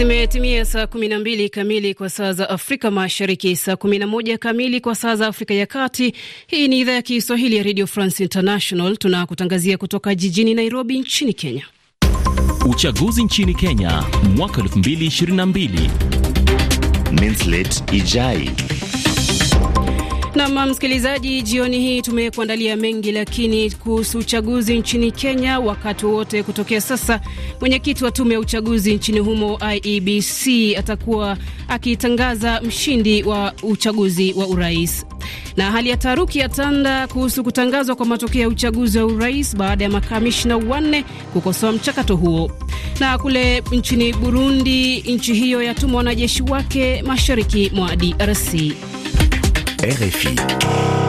Zimetimia saa 12 kamili kwa saa za Afrika Mashariki, saa 11 kamili kwa saa za Afrika ya Kati. Hii ni idhaa ya Kiswahili ya Radio France International, tunakutangazia kutoka jijini Nairobi nchini Kenya. Uchaguzi nchini Kenya mwaka 2022 Minslet Ijai Nam msikilizaji, jioni hii tumekuandalia mengi, lakini kuhusu uchaguzi nchini Kenya, wakati wowote kutokea sasa, mwenyekiti wa tume ya uchaguzi nchini humo IEBC atakuwa akitangaza mshindi wa uchaguzi wa urais. Na hali ya taharuki tanda kuhusu kutangazwa kwa matokeo ya uchaguzi wa urais baada ya makamishna wanne kukosoa mchakato huo. Na kule nchini Burundi, nchi hiyo yatuma wanajeshi wake mashariki mwa DRC. RFI.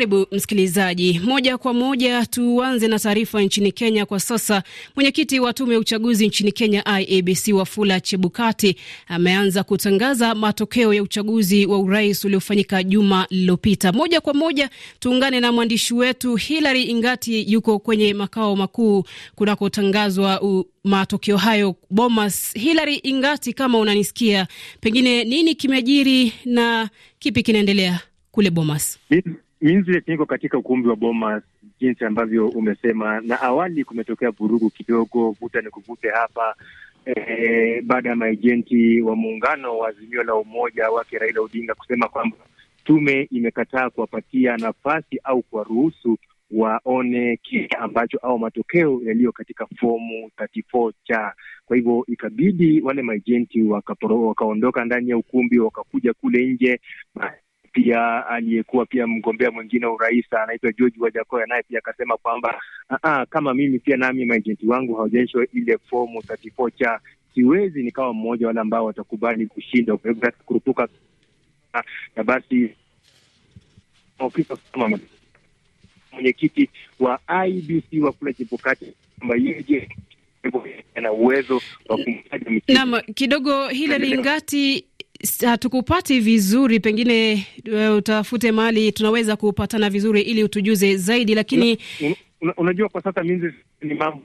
Karibu msikilizaji, moja kwa moja tuanze na taarifa nchini Kenya kwa sasa. Mwenyekiti wa tume ya uchaguzi nchini Kenya IEBC Wafula Chebukati ameanza kutangaza matokeo ya uchaguzi wa urais uliofanyika juma lililopita. Moja kwa moja tuungane na mwandishi wetu Hilary Ingati, yuko kwenye makao makuu kunakotangazwa u matokeo hayo Bomas. Hilary Ingati, kama unanisikia, pengine nini kimejiri na kipi kinaendelea kule Bomas? Winslet niko katika ukumbi wa boma jinsi ambavyo umesema, na awali kumetokea vurugu kidogo, vuta ni kuvute hapa e, baada ya maejenti wa muungano wa Azimio la Umoja wake Raila Odinga kusema kwamba tume imekataa kuwapatia nafasi au kuwaruhusu waone kile ambacho au matokeo yaliyo katika fomu cha. Kwa hivyo ikabidi wale maejenti wakaondoka ndani ya ukumbi wakakuja kule nje pia aliyekuwa pia mgombea mwingine wa urais anaitwa George Wajakoya, naye pia akasema kwamba ah, ah, kama mimi pia nami maejenti wangu hawajaishwa ile fomu 34 cha siwezi nikawa mmoja wale ambao watakubali kushinda kurupuka na basi mwenyekiti wa IBC wa kule jimbo kwamba yeye ana uwezo wa kumtaja kidogo. Hilary Ngati, hatukupati vizuri, pengine uh, utafute mahali tunaweza kupatana vizuri ili utujuze zaidi, lakini una, una, unajua kwa sasa ni mambo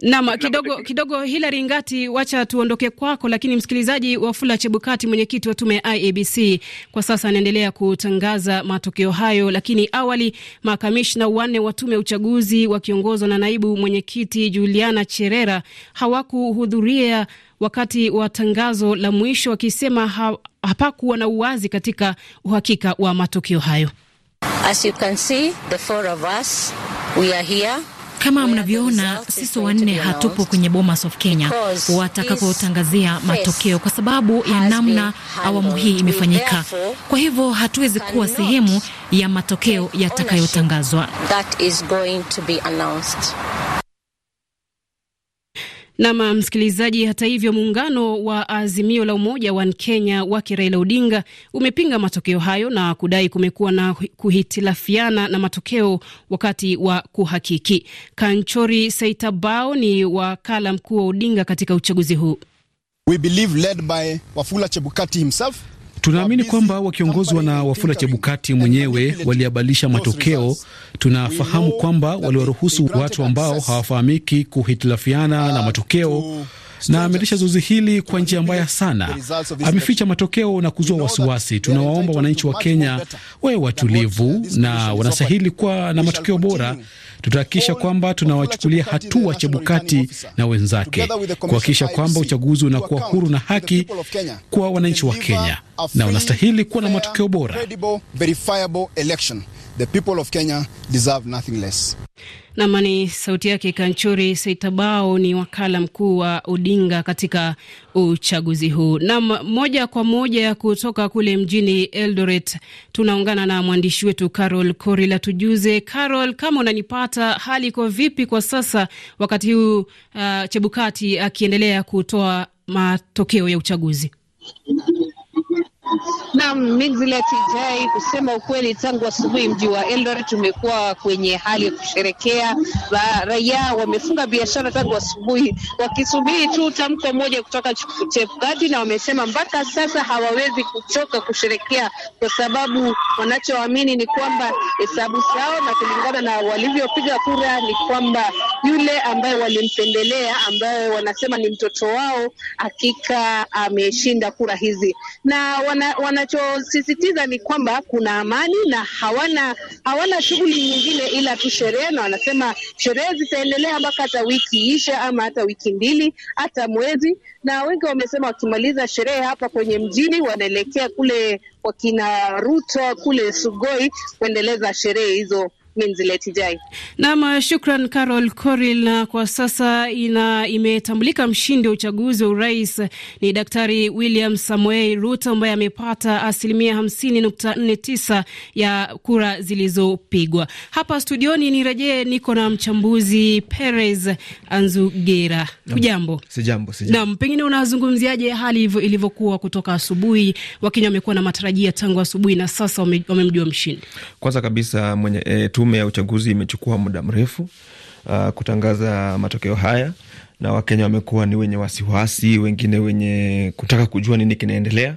Nam, kidogo kidogo, Hilary Ngati, wacha tuondoke kwako, lakini msikilizaji, Wafula Chebukati, mwenyekiti wa tume ya IEBC, kwa sasa anaendelea kutangaza matokeo hayo, lakini awali makamishna wanne wa tume ya uchaguzi wakiongozwa na naibu mwenyekiti Juliana Cherera hawakuhudhuria wakati wa tangazo la mwisho, wakisema ha, hapakuwa na uwazi katika uhakika wa matokeo hayo. As you can see, the four of us, we are here. Kama mnavyoona, sisi wanne hatupo kwenye Bomas of Kenya watakapotangazia matokeo, kwa sababu ya namna awamu hii imefanyika. Kwa hivyo hatuwezi kuwa sehemu ya matokeo yatakayotangazwa. Nam msikilizaji. Hata hivyo, muungano wa Azimio la Umoja wa Kenya wake Raila Odinga umepinga matokeo hayo na kudai kumekuwa na kuhitilafiana na matokeo wakati wa kuhakiki. Kanchori Saitabao ni wakala mkuu wa Odinga katika uchaguzi huu. We believe led by Wafula Chebukati himself Tunaamini kwamba wakiongozwa na Wafula Chebukati mwenyewe waliabadilisha matokeo. Tunafahamu kwamba waliwaruhusu watu ambao hawafahamiki kuhitilafiana uh, na matokeo na ameendesha zoezi hili kwa njia mbaya sana. Ameficha matokeo na kuzua wasiwasi. Tunawaomba wananchi wa Kenya wawe watulivu na wanastahili kuwa na matokeo bora. Tutahakikisha kwamba tunawachukulia hatua Chebukati na wenzake kuhakikisha kwamba uchaguzi unakuwa huru na haki kwa wananchi wa Kenya na wanastahili kuwa na matokeo bora. The people of Kenya deserve nothing less. Nam ni sauti yake Kanchuri Seitabao, ni wakala mkuu wa Odinga katika uchaguzi huu. Nam moja kwa moja kutoka kule mjini Eldoret tunaungana na mwandishi wetu Carol Korila. Tujuze Carol, kama unanipata, hali iko vipi kwa sasa wakati huu uh, Chebukati akiendelea kutoa matokeo ya uchaguzi? Naam, Mingzile TJ, kusema ukweli, tangu asubuhi mji wa Eldoret tumekuwa kwenye hali ya kusherekea. Raia wamefunga biashara tangu asubuhi wakisubiri tu tamko moja kutoka Chepkati, na wamesema mpaka sasa hawawezi kuchoka kusherekea kwa sababu wanachoamini ni kwamba hesabu zao na kulingana na walivyopiga kura ni kwamba yule ambaye walimpendelea ambaye wanasema ni mtoto wao hakika ameshinda kura hizi na wana, wana Wanachosisitiza ni kwamba kuna amani na hawana hawana shughuli nyingine ila tu sherehe, na wanasema sherehe zitaendelea mpaka hata wiki isha ama hata wiki mbili hata mwezi. Na wengi wamesema wakimaliza sherehe hapa kwenye mjini wanaelekea kule wakina Ruto kule Sugoi kuendeleza sherehe hizo mimi Mziletijai. Eh, shukran Carol Coril. Na kwa sasa ina imetambulika mshindi wa uchaguzi wa urais ni Daktari William Samuel Ruto ambaye amepata asilimia hamsini nukta nne tisa ya kura zilizopigwa. Hapa studioni nirejee, niko na mchambuzi Perez Anzugera. Ujambo? Sijambo, sijambo. Nam, pengine unazungumziaje hali hivyo ilivyokuwa kutoka asubuhi? Wakenya wamekuwa na matarajia tangu asubuhi na sasa wamemjua mshindi. Kwanza kabisa mwenye e, tume Tume ya uchaguzi imechukua muda mrefu uh, kutangaza matokeo haya, na Wakenya wamekuwa ni wenye wasiwasi, wengine wenye kutaka kujua nini kinaendelea,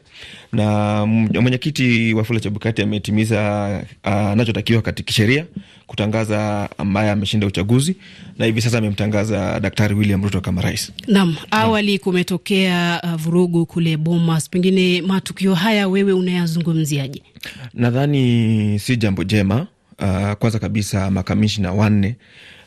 na mwenyekiti Wafula Chebukati ametimiza uh, anachotakiwa katika kisheria kutangaza ambaye ameshinda uchaguzi, na hivi sasa amemtangaza Daktari William Ruto kama rais. Naam, awali kumetokea uh, vurugu kule Bomas, pengine matukio haya wewe unayazungumziaje? Nadhani si jambo jema uh, kwanza kabisa makamishina wanne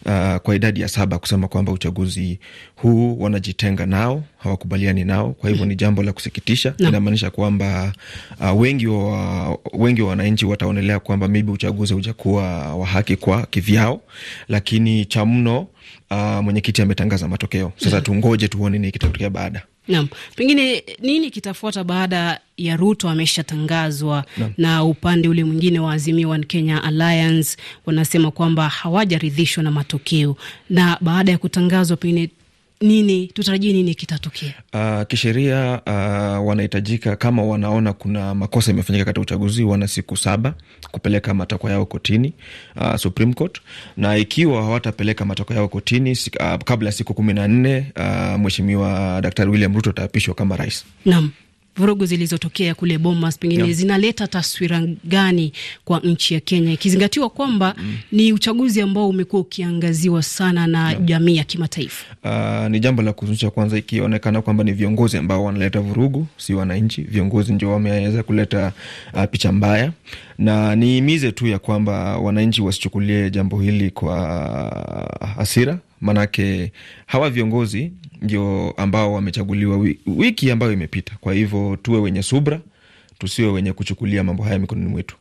uh, kwa idadi ya saba kusema kwamba uchaguzi huu wanajitenga nao, hawakubaliani nao. Kwa hivyo ni jambo la kusikitisha no. Inamaanisha kwamba uh, wengi wa wengi wa wananchi wataonelea kwamba maybe uchaguzi hujakuwa wa haki kwa kivyao, lakini cha mno uh, mwenyekiti ametangaza matokeo. Sasa tungoje tuone ni kitatokea baada Naam, pengine nini kitafuata baada ya Ruto ameshatangazwa na upande ule mwingine wa Azimio One Kenya Alliance wanasema kwamba hawajaridhishwa na matokeo, na baada ya kutangazwa pengine nini tutarajie nini kitatukia? Uh, kisheria uh, wanahitajika kama wanaona kuna makosa imefanyika katika uchaguzi, wana siku saba kupeleka matakwa yao kotini, uh, Supreme Court, na ikiwa hawatapeleka matakwa yao kotini uh, kabla ya siku kumi na nne uh, Mheshimiwa Daktari William Ruto ataapishwa kama rais. Naam vurugu zilizotokea kule Bomas pengine yeah, zinaleta taswira gani kwa nchi ya Kenya ikizingatiwa kwamba mm, ni uchaguzi ambao umekuwa ukiangaziwa sana na yeah, jamii ya kimataifa. Uh, ni jambo la kuzunisha kwanza, ikionekana kwamba ni viongozi ambao wanaleta vurugu, si wananchi. Viongozi ndio wameweza kuleta uh, picha mbaya, na niimize tu ya kwamba wananchi wasichukulie jambo hili kwa uh, hasira maanake hawa viongozi ndio ambao wamechaguliwa wiki ambayo imepita. Kwa hivyo tuwe wenye subra, tusiwe wenye kuchukulia mambo haya mikononi mwetu.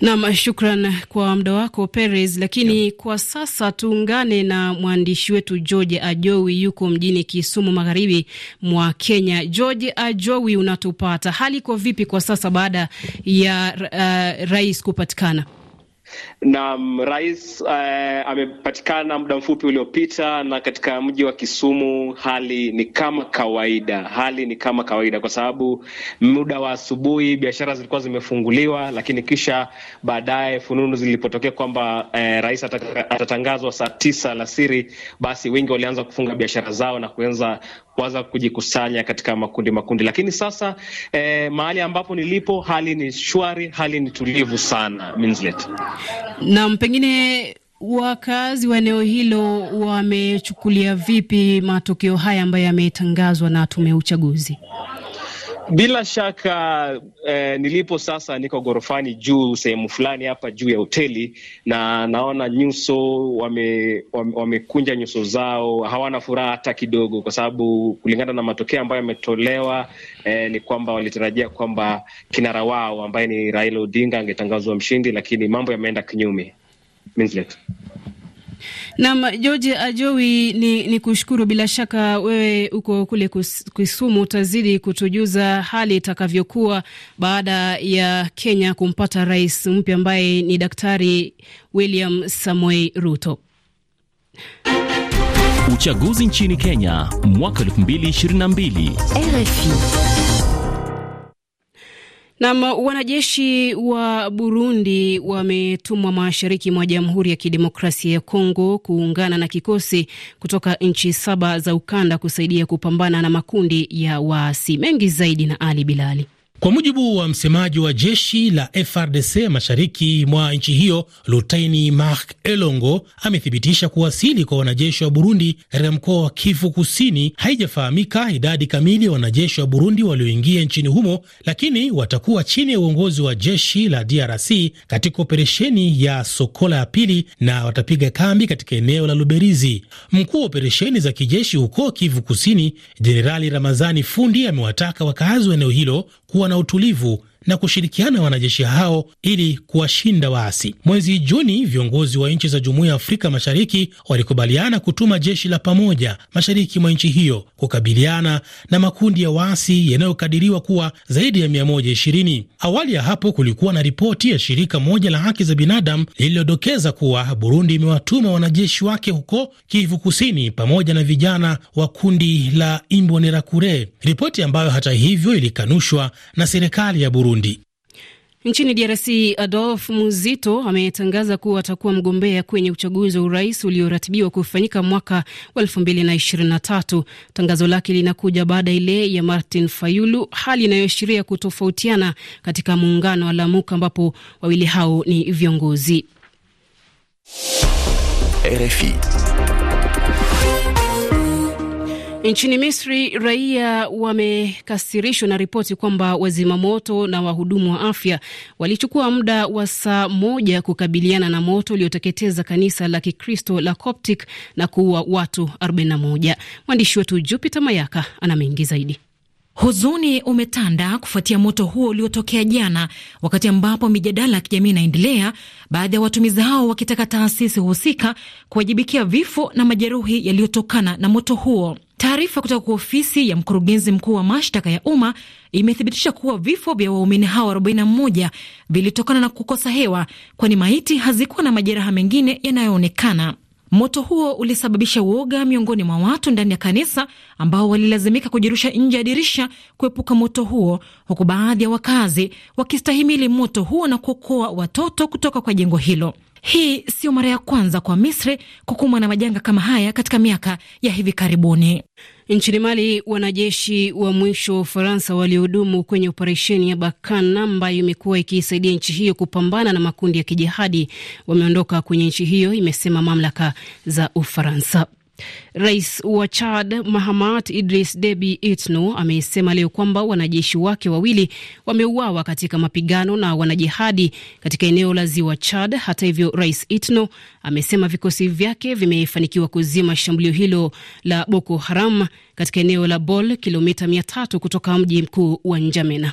Nam, shukran kwa muda wako Perez. Lakini yeah. kwa sasa tuungane na mwandishi wetu George Ajowi, yuko mjini Kisumu, magharibi mwa Kenya. George Ajowi, unatupata? Hali iko vipi kwa sasa baada ya uh, rais kupatikana? Na rais uh, amepatikana muda mfupi uliopita, na katika mji wa Kisumu hali ni kama kawaida, hali ni kama kawaida, kwa sababu muda wa asubuhi biashara zilikuwa zimefunguliwa, lakini kisha baadaye fununu zilipotokea kwamba uh, rais atatangazwa saa tisa alasiri, basi wengi walianza kufunga biashara zao na kuanza kuanza kujikusanya katika makundi makundi. Lakini sasa eh, mahali ambapo nilipo hali ni shwari, hali ni tulivu sana Minslet. Naam, pengine wakazi wa eneo hilo wamechukulia vipi matokeo haya ambayo yametangazwa na tume ya uchaguzi? Bila shaka eh, nilipo sasa niko ghorofani juu sehemu fulani hapa juu ya hoteli, na naona nyuso wame, wame, wamekunja nyuso zao, hawana furaha hata kidogo, kwa sababu kulingana na matokeo ambayo yametolewa eh, ni kwamba walitarajia kwamba kinara wao ambaye ni Raila Odinga angetangazwa mshindi, lakini mambo yameenda kinyume nam George Ajowi uh, ni, ni kushukuru bila shaka, wewe uko kule Kisumu, utazidi kutujuza hali itakavyokuwa baada ya Kenya kumpata rais mpya ambaye ni Daktari William Samoei Ruto. Uchaguzi nchini Kenya mwaka 2022 RFI Nam, wanajeshi wa Burundi wametumwa mashariki mwa Jamhuri ya Kidemokrasia ya Kongo kuungana na kikosi kutoka nchi saba za ukanda kusaidia kupambana na makundi ya waasi mengi zaidi. Na Ali Bilali. Kwa mujibu wa msemaji wa jeshi la FRDC mashariki mwa nchi hiyo, Lutaini Mark Elongo amethibitisha kuwasili kwa wanajeshi wa Burundi katika mkoa wa Kivu Kusini. Haijafahamika idadi kamili ya wanajeshi wa Burundi walioingia nchini humo, lakini watakuwa chini ya uongozi wa jeshi la DRC katika operesheni ya Sokola ya pili na watapiga kambi katika eneo la Luberizi. Mkuu wa operesheni za kijeshi huko Kivu Kusini, Jenerali Ramazani Fundi amewataka wakaazi wa eneo hilo kuwa na utulivu na kushirikiana wanajeshi hao ili kuwashinda waasi. Mwezi Juni, viongozi wa nchi za Jumuiya ya Afrika Mashariki walikubaliana kutuma jeshi la pamoja mashariki mwa nchi hiyo kukabiliana na makundi ya waasi yanayokadiriwa kuwa zaidi ya 120. Awali ya hapo kulikuwa na ripoti ya shirika moja la haki za binadamu lililodokeza kuwa Burundi imewatuma wanajeshi wake huko Kivu Kusini pamoja na vijana wa kundi la Imbonerakure, ripoti ambayo hata hivyo ilikanushwa na serikali ya Burundi. Burundi. Nchini DRC, Adolf Muzito ametangaza kuwa atakuwa mgombea kwenye uchaguzi wa urais ulioratibiwa kufanyika mwaka wa 2023. Tangazo lake linakuja baada ile ya Martin Fayulu, hali inayoashiria kutofautiana katika muungano wa Lamuka ambapo wawili hao ni viongozi. RFI. Nchini Misri raia wamekasirishwa na ripoti kwamba wazima moto na wahudumu wa afya walichukua muda wa saa moja kukabiliana na moto ulioteketeza kanisa la Kikristo la Coptic na kuua watu 41. Mwandishi wetu Jupiter Mayaka ana mengi zaidi. Huzuni umetanda kufuatia moto huo uliotokea jana, wakati ambapo mijadala ya kijamii inaendelea, baadhi ya watumizi hao wakitaka taasisi husika kuwajibikia vifo na majeruhi yaliyotokana na moto huo. Taarifa kutoka kwa ofisi ya mkurugenzi mkuu wa mashtaka ya umma imethibitisha kuwa vifo vya waumini hao 41 vilitokana na kukosa hewa, kwani maiti hazikuwa na majeraha mengine yanayoonekana. Moto huo ulisababisha uoga miongoni mwa watu ndani ya kanisa ambao walilazimika kujirusha nje ya dirisha kuepuka moto huo, huku baadhi ya wakazi wakistahimili moto huo na kuokoa watoto kutoka kwa jengo hilo. Hii sio mara ya kwanza kwa Misri kukumbwa na majanga kama haya katika miaka ya hivi karibuni. Nchini Mali, wanajeshi wa mwisho wa Ufaransa waliohudumu kwenye operesheni ya bakan ambayo imekuwa ikiisaidia nchi hiyo kupambana na makundi ya kijihadi wameondoka kwenye nchi hiyo, imesema mamlaka za Ufaransa. Rais wa Chad Mahamat Idris debi Itno amesema leo kwamba wanajeshi wake wawili wameuawa katika mapigano na wanajihadi katika eneo la ziwa Chad. Hata hivyo, Rais Itno amesema vikosi vyake vimefanikiwa kuzima shambulio hilo la Boko Haram katika eneo la Bol, kilomita 3 kutoka mji mkuu wa Njamena.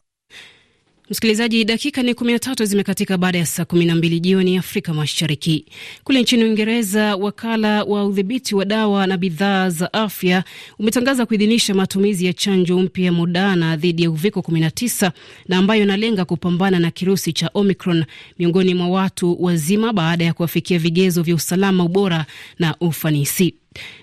Msikilizaji, dakika ni 13 zimekatika baada ya saa 12 jioni Afrika Mashariki. Kule nchini Uingereza, wakala wa udhibiti wa dawa na bidhaa za afya umetangaza kuidhinisha matumizi ya chanjo mpya Moderna dhidi ya uviko 19 na ambayo inalenga kupambana na kirusi cha Omicron miongoni mwa watu wazima baada ya kuwafikia vigezo vya usalama, ubora na ufanisi.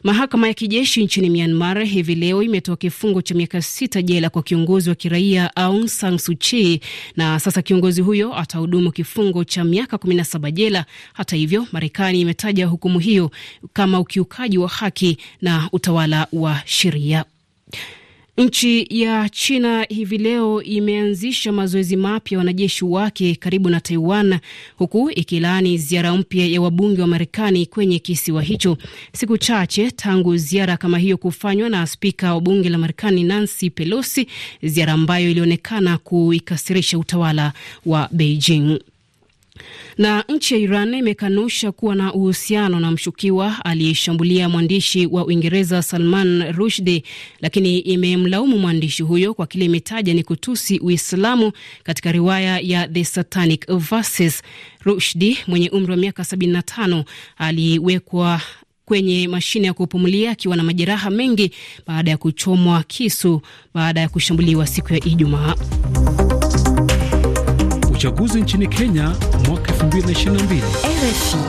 Mahakama ya kijeshi nchini Myanmar hivi leo imetoa kifungo cha miaka sita jela kwa kiongozi wa kiraia Aung San Suu Kyi, na sasa kiongozi huyo atahudumu kifungo cha miaka 17 jela. Hata hivyo, Marekani imetaja hukumu hiyo kama ukiukaji wa haki na utawala wa sheria. Nchi ya China hivi leo imeanzisha mazoezi mapya ya wanajeshi wake karibu na Taiwan, huku ikilaani ziara mpya ya wabunge wa Marekani kwenye kisiwa hicho, siku chache tangu ziara kama hiyo kufanywa na spika wa bunge la Marekani Nancy Pelosi, ziara ambayo ilionekana kuikasirisha utawala wa Beijing. Na nchi ya Iran imekanusha kuwa na uhusiano na mshukiwa aliyeshambulia mwandishi wa Uingereza Salman rushdi lakini imemlaumu mwandishi huyo kwa kile imetaja ni kutusi Uislamu katika riwaya ya The Satanic Verses. Rushdi mwenye umri wa miaka 75 aliwekwa kwenye mashine ya kupumulia akiwa na majeraha mengi baada ya kuchomwa kisu baada ya kushambuliwa siku ya Ijumaa uchaguzi nchini Kenya mwaka 2022. RFI.